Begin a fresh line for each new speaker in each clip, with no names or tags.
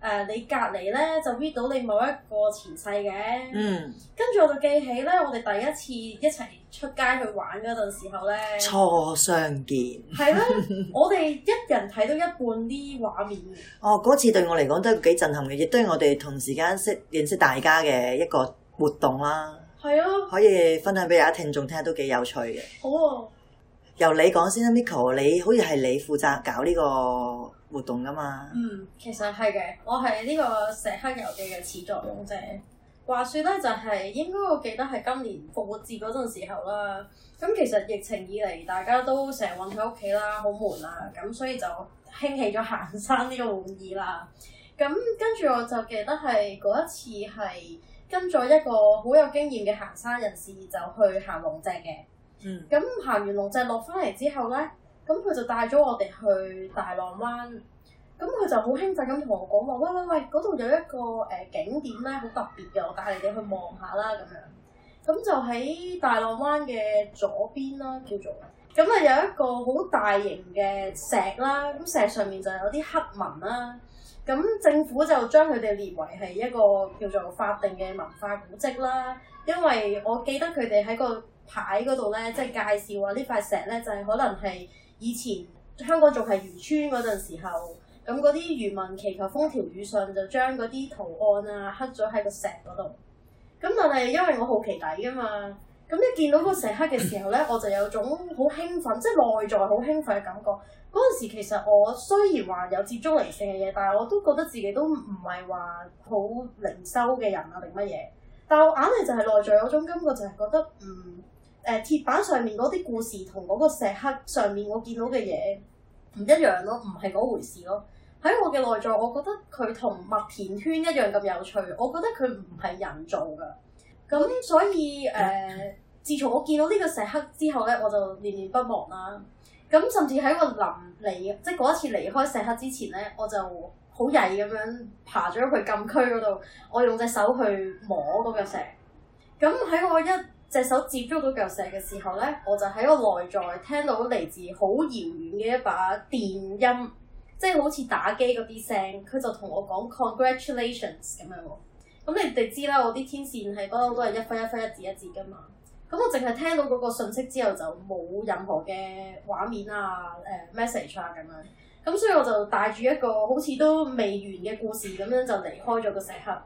誒，uh, 你隔離咧就搣到你某一個前世嘅，嗯、跟住我就記起咧，我哋第一次一齊出街去玩嗰陣時候
咧，初相見。係 咯，
我哋一人睇到一半啲畫面。
哦，嗰次對我嚟講都幾震撼嘅，亦都係我哋同時間識認識大家嘅一個活動啦。
係啊，
可以分享俾大家聽眾聽下都幾有趣嘅。
好啊，
由你講先啊 Michael，你好似係你負責搞呢、呢個活動㗎嘛？嗯，
其實係嘅，我係呢個石刻遊記嘅始作俑者。話説咧，就係、是、應該我記得係今年復活節嗰陣時候啦。咁其實疫情以嚟，大家都成日韞喺屋企啦，好悶啊。咁所以就興起咗行山呢個玩意啦。咁跟住我就記得係嗰一次係跟咗一個好有經驗嘅行山人士，就去行龍脊嘅。嗯。咁行完龍脊落返嚟之後咧。咁佢就帶咗我哋去大浪灣，咁佢就好興奮咁同我講話，喂喂喂，嗰度有一個誒、呃、景點咧，好特別嘅，我帶你哋去望下啦，咁樣。咁就喺大浪灣嘅左邊啦，叫做。咁啊有一個好大型嘅石啦，咁石上面就有啲刻紋啦。咁政府就將佢哋列為係一個叫做法定嘅文化古蹟啦，因為我記得佢哋喺個牌嗰度咧，即、就、係、是、介紹話、啊、呢塊石咧就係、是、可能係。以前香港仲係漁村嗰陣時候，咁嗰啲漁民祈求風調雨順，就將嗰啲圖案啊刻咗喺個石嗰度。咁但係因為我好奇底㗎嘛，咁一見到嗰個石刻嘅時候咧，我就有種好興奮， 即係內在好興奮嘅感覺。嗰陣時其實我雖然話有接觸靈性嘅嘢，但係我都覺得自己都唔係話好靈修嘅人啊定乜嘢。但係我硬係就係內在嗰種感覺，就係、是、覺得唔。嗯誒、呃、鐵板上面嗰啲故事同嗰個石刻上面我見到嘅嘢唔一樣咯，唔係嗰回事咯。喺我嘅內在，我覺得佢同麥田圈一樣咁有趣。我覺得佢唔係人造噶。咁所以誒、呃，自從我見到呢個石刻之後咧，我就念念不忘啦。咁甚至喺我臨離，即係嗰一次離開石刻之前咧，我就好曳咁樣爬咗去禁區嗰度，我用隻手去摸嗰個石。咁喺我一隻手接觸到嚿石嘅時候咧，我就喺個內在聽到嚟自好遙遠嘅一把電音，即係好似打機嗰啲聲，佢就同我講 Congratulations 咁樣喎。咁、嗯、你哋知啦，我啲天線係嗰度都係一分一分一字一字噶嘛。咁、嗯、我淨係聽到嗰個信息之後，就冇任何嘅畫面啊、誒、呃、message 啊咁樣。咁、嗯、所以我就帶住一個好似都未完嘅故事咁樣就離開咗個石刻。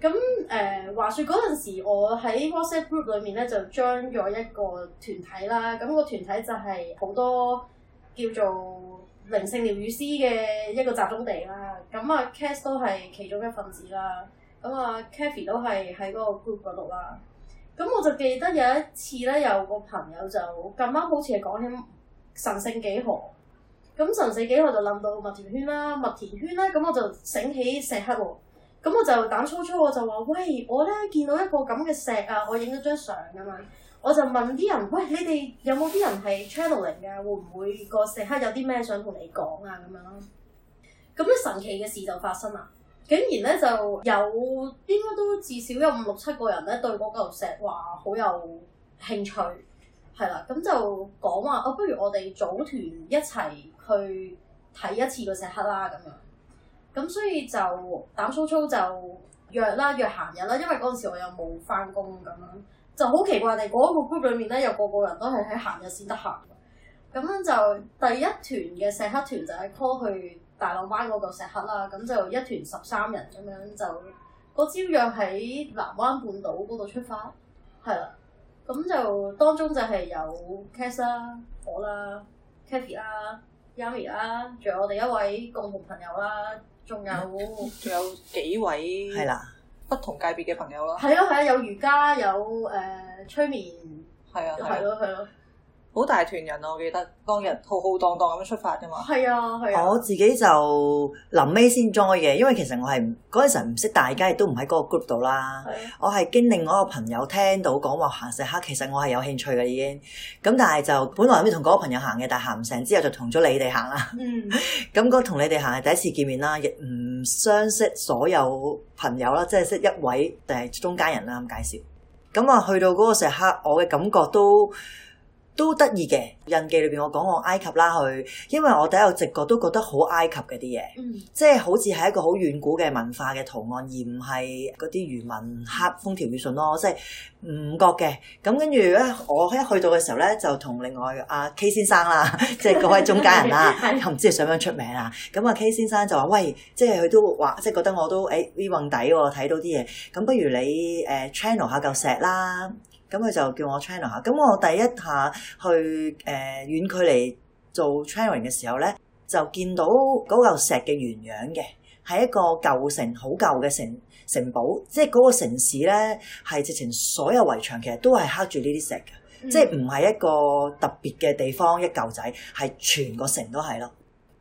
咁誒、呃，話說嗰陣時，我喺 WhatsApp group 裏面咧，就將咗一個團體啦。咁、那個團體就係好多叫做靈性療愈師嘅一個集中地啦。咁啊 Cass 都係其中一份子啦。咁啊，Kathy 都係喺嗰個 group 嗰度啦。咁我就記得有一次咧，有個朋友就咁啱，好似係講緊神聖幾何。咁神聖幾何就諗到麥田圈啦，麥田圈咧，咁我就醒起石刻。咁我就膽粗粗，我就話：喂，我咧見到一個咁嘅石啊，我影咗張相㗎嘛。我就問啲人：喂，你哋有冇啲人係 channeling 㗎？會唔會個石刻有啲咩想同你講啊？咁樣囉。咁咧神奇嘅事就發生啦！竟然咧就有應該都至少有五六七個人咧對嗰嚿石話好有興趣，係啦。咁就講話啊，不如我哋組團一齊去睇一次個石刻啦，咁樣。咁所以就膽粗粗，鬍鬍就約啦約閑日啦，因為嗰陣時我又冇翻工咁樣，就好奇怪地嗰、嗰個 group 裏面咧，有個個人都係喺閑日先得閒。咁樣就第一團嘅石刻團就係 call 去大浪灣嗰個石刻啦，咁就一團十三人咁樣就、嗰朝約喺南灣半島嗰度出發，係啦。咁就當中就係有 Cesar 啦、我啦、Katy 啦。Yami 啦，仲有我哋一位共同朋友啦，仲有仲 有幾位
係啦不同界別嘅朋友啦。係啊
係啊，有瑜伽有誒、呃、催眠
係啊，係咯係咯。好大團人啊！我記得當日浩浩蕩蕩咁樣出發噶嘛。係啊，係啊。我自己就臨尾先裝嘅，因為其實我係嗰陣時唔識大家，亦都唔喺嗰個 group 度啦。啊、我係經另外一個朋友聽到講話行石刻，其實我係有興趣嘅已經。咁但係就本來諗住同嗰個朋友行嘅，但係行唔成之後就同咗你哋行啦。嗯。咁嗰同你哋行係第一次見面啦，亦唔相識所有朋友啦，即係識一位定係中間人啦咁介紹。咁啊，去到嗰個石刻，我嘅感覺都～都得意嘅，印記裏邊我講我埃及啦佢，因為我第一個直覺都覺得好埃及嗰啲嘢，即係好似係一個好遠古嘅文化嘅圖案，而唔係嗰啲漁民刻風調雨順咯，即係唔覺嘅。咁跟住咧，我一去到嘅時候咧，就同另外阿 K 先生啦，即係各位中間人啦、啊，又唔知想唔想出名啊？咁啊 K 先生就話：喂，即係佢都話，即、就、係、是、覺得我都誒 v 運底喎，睇、哎、到啲嘢，咁不如你誒、呃、channel 下嚿石啦。咁佢就叫我 channel 下，咁我第一下去誒、呃、遠距離做 channeling 嘅時候咧，就見到嗰嚿石嘅原樣嘅，係一個舊城，好舊嘅城城堡，即係嗰個城市咧係直情所有圍牆其實都係刻住呢啲石嘅，嗯、即係唔係一個特別嘅地方一嚿仔，係全個城都係咯。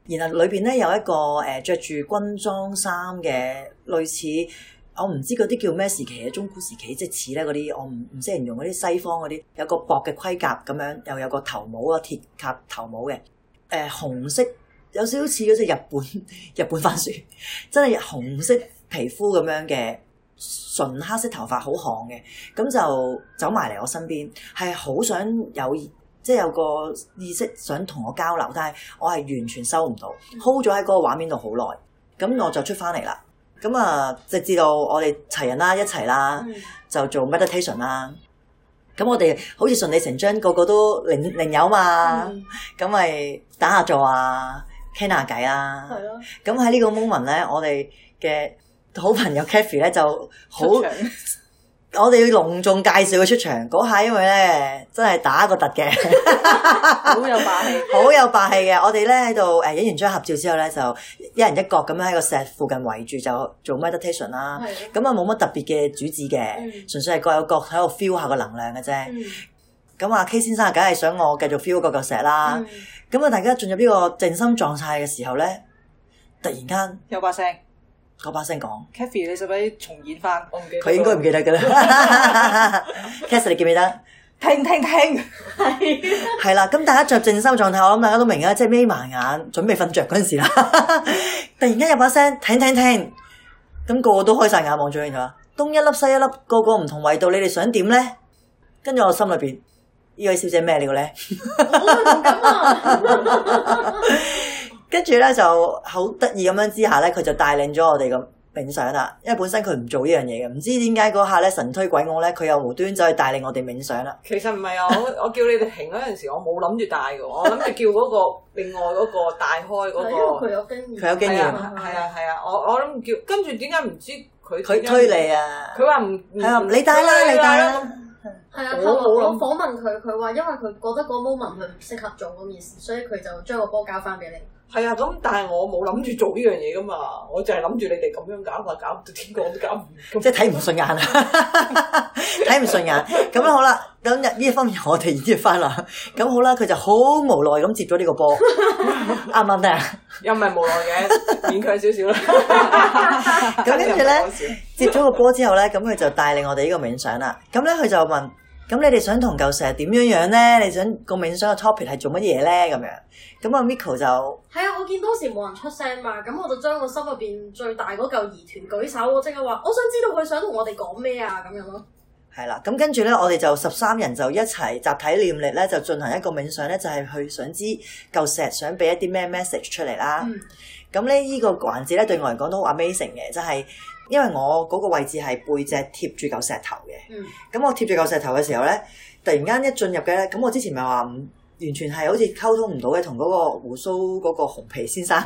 然後裏邊咧有一個誒著住軍裝衫嘅類似。我唔知嗰啲叫咩時期啊，中古時期即係似咧嗰啲，我唔唔識形容嗰啲西方嗰啲，有個薄嘅盔甲咁樣，又有個頭帽啊，鐵甲頭帽嘅，誒、呃、紅色，有少少似嗰隻日本日本番薯，真係紅色皮膚咁樣嘅，純黑色頭髮，好寒嘅，咁就走埋嚟我身邊，係好想有即係、就是、有個意識想同我交流，但係我係完全收唔到，hold 咗喺嗰個畫面度好耐，咁我就出翻嚟啦。咁啊，直至到我哋齊人啦，一齊啦，嗯、就做 meditation 啦。咁我哋好似順理成章，個個都零零友嘛，咁咪、嗯、打下坐啊，傾下偈啊。係咯、啊。咁喺呢個 moment 咧，我哋嘅好朋友 Kathy 咧就好。場 我哋要隆重介紹佢出場嗰下，嗯、因為咧真係打一個突嘅，好 有霸氣，好 有霸氣嘅。我哋咧喺度誒影完張合照之後咧，就一人一角咁樣喺個石附近圍住就做 meditation 啦的。咁啊冇乜特別嘅主旨嘅，嗯、純粹係各有各喺度 feel 下個能量嘅啫。咁阿、嗯、K 先生梗係想我繼續 feel 嗰嚿石啦。咁啊、嗯，大家進入呢個靜心狀態嘅時候咧，突然間有把聲。嗰把聲講，Kathy 你使唔使重演翻？我唔記得。佢應該唔記得噶啦。Kathy 你記唔記得？聽聽聽，係係啦，咁大家着靜心狀態，我諗大家都明啦，即係眯埋眼準備瞓着嗰陣時啦。 突然間有把聲聽聽聽，咁個個都開晒眼望住我，東一粒西一粒，個個唔同，唯道。你哋想點咧？跟住我心裏邊，呢位小姐咩料咧？ 跟住咧就好得意咁樣之下咧，佢就帶領咗我哋咁冥想啦。因為本身佢唔做呢樣嘢嘅，唔知點解嗰下咧，神推鬼我咧，佢又無端就走去帶領我哋冥想啦。其
實唔係啊，我我叫你哋停嗰陣時，我冇諗住帶嘅，我諗住叫嗰個另外嗰個帶開嗰個。佢有經驗，佢有經驗。係啊係啊，我我諗叫，跟住點解唔知
佢佢推你啊？佢話唔係，話你帶啦，你帶啦。我我訪問
佢，佢話因為佢覺得嗰 moment 佢唔適合做嗰件事，所以佢就將個波交翻俾你。
係啊，咁但係我冇諗住做呢樣嘢噶嘛，我就係諗住你哋咁樣搞法，搞到天光都搞唔完。即係睇唔順眼啊 順！ 睇唔順眼，咁樣好啦，今日呢一方面我哋已經翻啦，咁好啦，佢就好無奈咁接咗呢個波，啱唔啱啊？嗯嗯嗯、 又唔係無奈嘅，勉強少少啦。咁跟住咧，接咗個波之後咧，咁佢就帶領我哋呢個冥想啦。咁咧佢就問。咁你哋想同舊石點樣樣咧？你想個冥想嘅 topic 係做乜嘢咧？咁樣，咁阿 Miko 就
係啊！我見當時冇人出聲嘛，咁我就將我心入邊最大嗰嚿疑團舉手，即係話我想知道佢想同我哋講咩啊？咁樣咯。
係啦，咁跟住咧，我哋就十三人就一齊集體念力咧，就進行一個冥想咧，就係、是、去想知嚿石想俾一啲咩 message 出嚟啦。咁咧、嗯，呢個環節咧，對我嚟講都好 amazing 嘅，就係、是、因為我嗰個位置係背脊貼住嚿石頭嘅。咁、嗯、我貼住嚿石頭嘅時候咧，突然間一進入嘅咧，咁我之前咪話完全係好似溝通唔到嘅，同嗰個鬍鬚嗰個紅皮先生。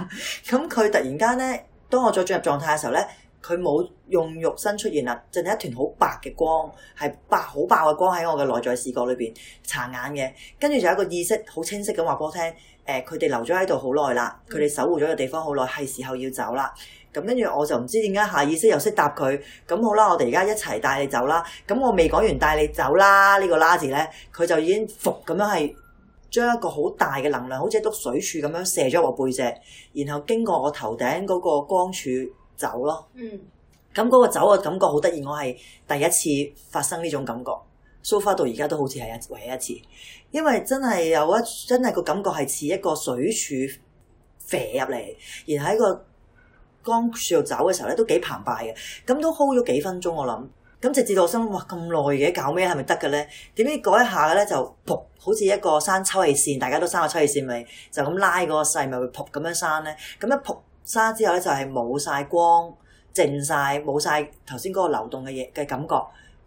咁 佢突然間咧，當我再進入狀態嘅時候咧。佢冇用肉身出現啦，淨係一團好白嘅光，係白好白嘅光喺我嘅內在視覺裏邊，殘眼嘅。跟住就有一個意識好清晰咁話畀我聽，誒佢哋留咗喺度好耐啦，佢哋守護咗個地方好耐，係時候要走啦。咁跟住我就唔知點解下意識又識答佢。咁好啦，我哋而家一齊帶你走啦。咁我未講完帶你走啦呢個拉字咧，佢就已經伏咁樣係將一個好大嘅能量，好似一篤水柱咁樣射咗我背脊，然後經過我頭頂嗰個光柱。走咯，咁嗰、嗯、個走嘅感覺好得意，我係第一次發生呢種感覺，so far 到而家都好似係一唯一一次，因為真係有一真係個感覺係似一個水柱射入嚟，然後喺個江處度走嘅時候咧都幾澎湃嘅，咁都 hold 咗幾分鐘我諗，咁直至到我心諗，哇咁耐嘅搞咩係咪得嘅咧？點解改下咧就撲好似一個山抽氣扇，大家都生個抽氣扇咪就咁拉個細咪會撲咁樣生咧，咁一撲。沙之後咧就係冇晒光、靜晒、冇晒頭先嗰個流動嘅嘢嘅感覺，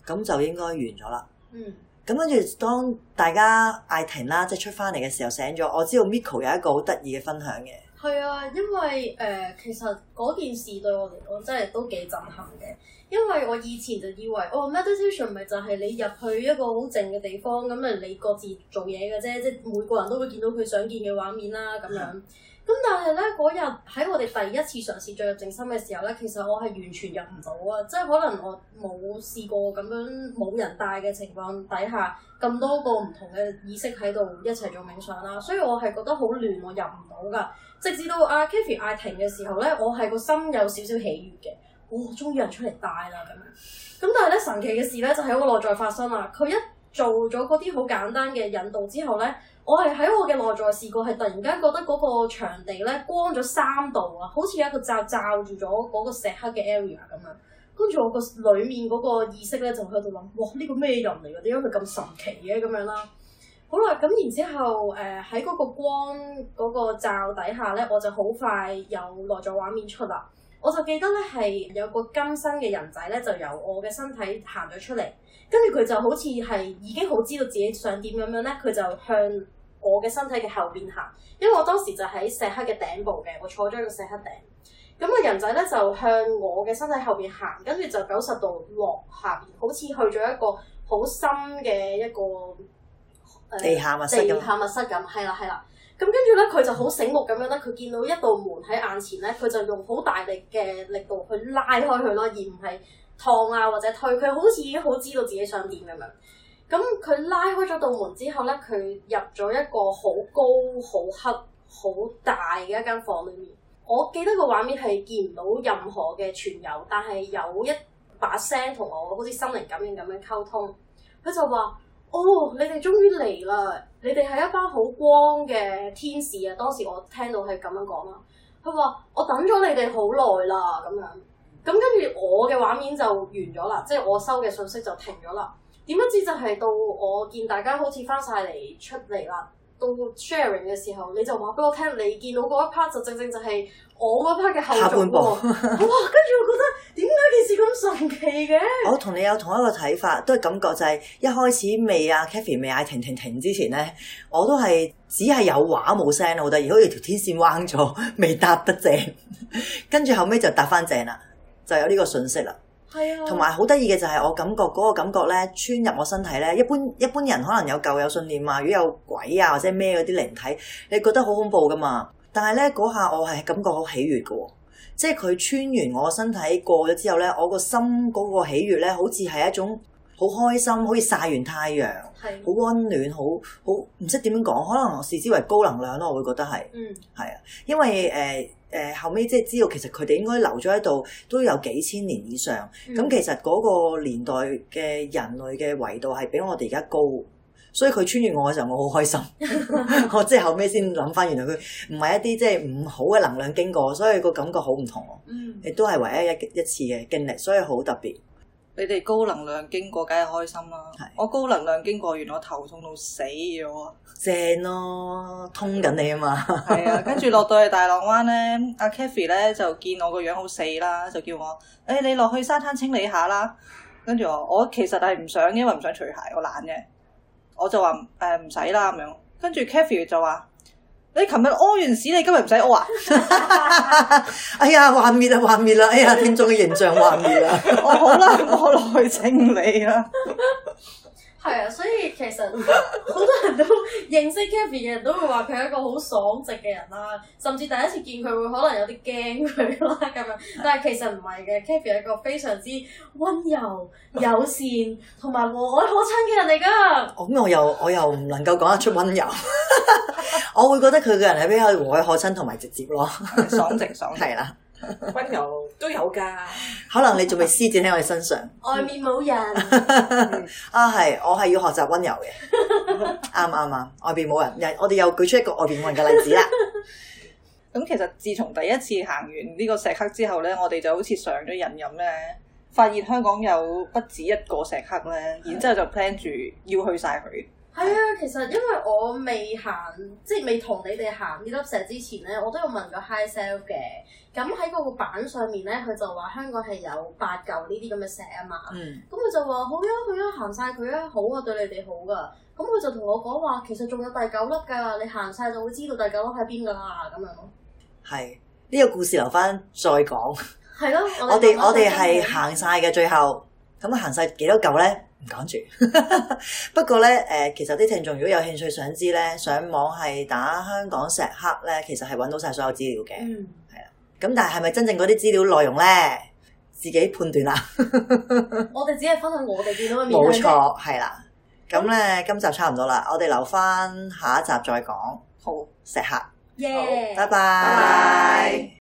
咁就應該完咗啦。嗯，咁跟住當大家嗌停啦，即係出翻嚟嘅時候醒咗，我知道 Miko 有一個好得意嘅分享嘅。
係啊，因為誒、呃、其實嗰件事對我嚟講真係都幾震撼嘅，因為我以前就以為哦 meditation 咪就係你入去一個好靜嘅地方咁嚟，你各自做嘢嘅啫，即係每個人都會見到佢想見嘅畫面啦咁樣。嗯。咁但係咧，嗰日喺我哋第一次嘗試進入靜心嘅時候咧，其實我係完全入唔到啊！即係可能我冇試過咁樣冇人帶嘅情況底下，咁多個唔同嘅意識喺度一齊做冥想啦，所以我係覺得好亂，我入唔到噶。直至到阿 Kathy 嗌停嘅時候咧，我係個心有少少喜悅嘅，哇、哦！終於有人出嚟帶啦咁樣。咁但係咧，神奇嘅事咧就喺我內在發生啦，佢一做咗嗰啲好簡單嘅引導之後咧，我係喺我嘅內在視覺，係突然間覺得嗰個場地咧光咗三度啊，好似有一個罩罩住咗嗰個石刻嘅 area 咁樣。跟住我個裡面嗰個意識咧就喺度諗，哇！呢個咩人嚟㗎？點解佢咁神奇嘅咁樣啦？好啦，咁然之後誒喺嗰個光嗰個罩底下咧，我就好快有內在畫面出啦。我就記得咧係有個今生嘅人仔咧，就由我嘅身體行咗出嚟，跟住佢就好似係已經好知道自己想點咁樣咧，佢就向我嘅身體嘅後邊行，因為我當時就喺石刻嘅頂部嘅，我坐咗喺個石刻頂。咁個人仔咧就向我嘅身體後邊行，跟住就九十度落下邊，好似去咗一個好深嘅一個誒、
呃、地下、地下
物室咁，係啦，係啦。咁跟住咧，佢就好醒目咁樣咧，佢見到一道門喺眼前咧，佢就用好大力嘅力度去拉開佢咯，而唔係燙啊或者推。佢好似已經好知道自己想點咁樣。咁佢拉開咗道門之後咧，佢入咗一個好高、好黑、好大嘅一間房裏面。我記得個畫面係見唔到任何嘅傳油，但係有一把聲同我好似心靈感應咁樣溝通。佢就話：哦，oh，你哋終於嚟啦！你哋係一班好光嘅天使啊！當時我聽到係咁樣講啦，佢話我等咗你哋好耐啦咁樣，咁跟住我嘅畫面就完咗啦，即係我收嘅信息就停咗啦。點不知就係到我見大家好似翻晒嚟出嚟啦。到 sharing 嘅時候，你就話俾我聽，你見到嗰一 part 就正正就係我嗰 part 嘅後下半喎。 哇！跟住我覺得點解件
事咁神奇嘅？ 我同你有同一個睇法，都係感覺就係、是、一開始未啊 Cathy 未嗌停停停之前咧，我都係只係有畫冇聲好得意，好似條天線彎咗，未搭得正。跟 住後尾就搭翻正啦，就有呢個信息啦。係啊，同埋好得意嘅就係我感覺嗰個感覺咧，穿入我身體咧，一般一般人可能有舊有信念啊，如果有鬼啊或者咩嗰啲靈體，你覺得好恐怖噶嘛？但係咧嗰下我係感覺好喜悅嘅、哦，即係佢穿完我身體過咗之後咧，我個心嗰個喜悅咧，好似係一種好開心，好似曬完太陽，好溫是的 暖，好好唔識點樣講，可能我視之為高能量咯，我會覺得係，係啊、嗯，因為誒。呃誒後尾即係知道，其實佢哋應該留咗喺度，都有幾千年以上。咁、嗯、其實嗰個年代嘅人類嘅維度係比我哋而家高，所以佢穿越我嘅時候，我好開心。 我即係後尾先諗翻，原來佢唔係一啲即係唔好嘅能量經過，所以個感覺好唔同。嗯，亦都係唯一一一次嘅經歷，所以好特別。你哋高能量經過，梗係開心啦、啊。的我高能量經過完，我頭痛到死咗。正咯、啊，通緊你啊嘛。係 啊，跟住落到去大浪灣咧，阿 Kaffy 咧就見我個樣好死啦，就叫我：誒、欸，你落去沙灘清理下啦。跟住我，我其實係唔想，因為唔想除鞋，我懶嘅。我就話：誒、呃，唔使啦咁樣。跟住 Kaffy 就話。你琴日屙完屎，你今日唔使屙啊？ 哎呀，幻滅啦，幻滅啦，哎呀，天眾嘅形象幻滅啦，我好啦，我落去清理啦、啊。
係啊，所以其實好多人都認識 Kathy 嘅人都會話佢係一個好爽直嘅人啦，甚至第一次見佢會可能有啲驚佢啦咁樣，但係其實唔係嘅 Kathy 係一個非常之温柔友善同埋和藹可親嘅人嚟㗎。咁
我又我又唔能夠講得出温柔， 我會覺得佢嘅人係比較和藹可親同埋直接咯。 爽直爽直係啦。
温柔都有噶，
可能你仲未施展喺我哋身上。
外面冇人
啊，係我係要學習温柔嘅。啱啱啊，外邊冇人，我哋又舉出一個外邊冇人嘅例子啦。咁 其實自從第一次行完呢個石刻之後咧，我哋就好似上咗癮咁咧，發現香港有不止一個石刻咧，然之後就 plan 住要去晒佢。
係啊，其實因為我未行，即係未同你哋行呢粒石之前咧，我都有問過 High Self 嘅。咁喺嗰個板上面咧，佢就話香港係有八嚿呢啲咁嘅石啊嘛。咁佢、嗯、就話好啊好啊，行晒佢啊，好啊對你哋好噶。咁佢就同我講話，其實仲有第九粒噶，你行晒就會知道第九粒喺邊噶啦咁樣。
係呢、呢個故事留翻再講。
係咯， 我哋 我哋係
行晒嘅最後，咁行晒幾多嚿咧？唔講住，不， 不過咧，誒，其實啲聽眾如果有興趣想知咧，上網係打香港石刻咧，其實係搵到晒所有資料嘅，係啦、嗯。咁但係係咪真正嗰啲資料內容咧，自己判斷啦 。
我哋只係分享我哋見到嘅面。冇錯，
係啦、嗯。咁咧，今集差唔多啦，我哋留翻下一集再講。好，石刻，耶，拜、
yeah, 拜 bye。Bye bye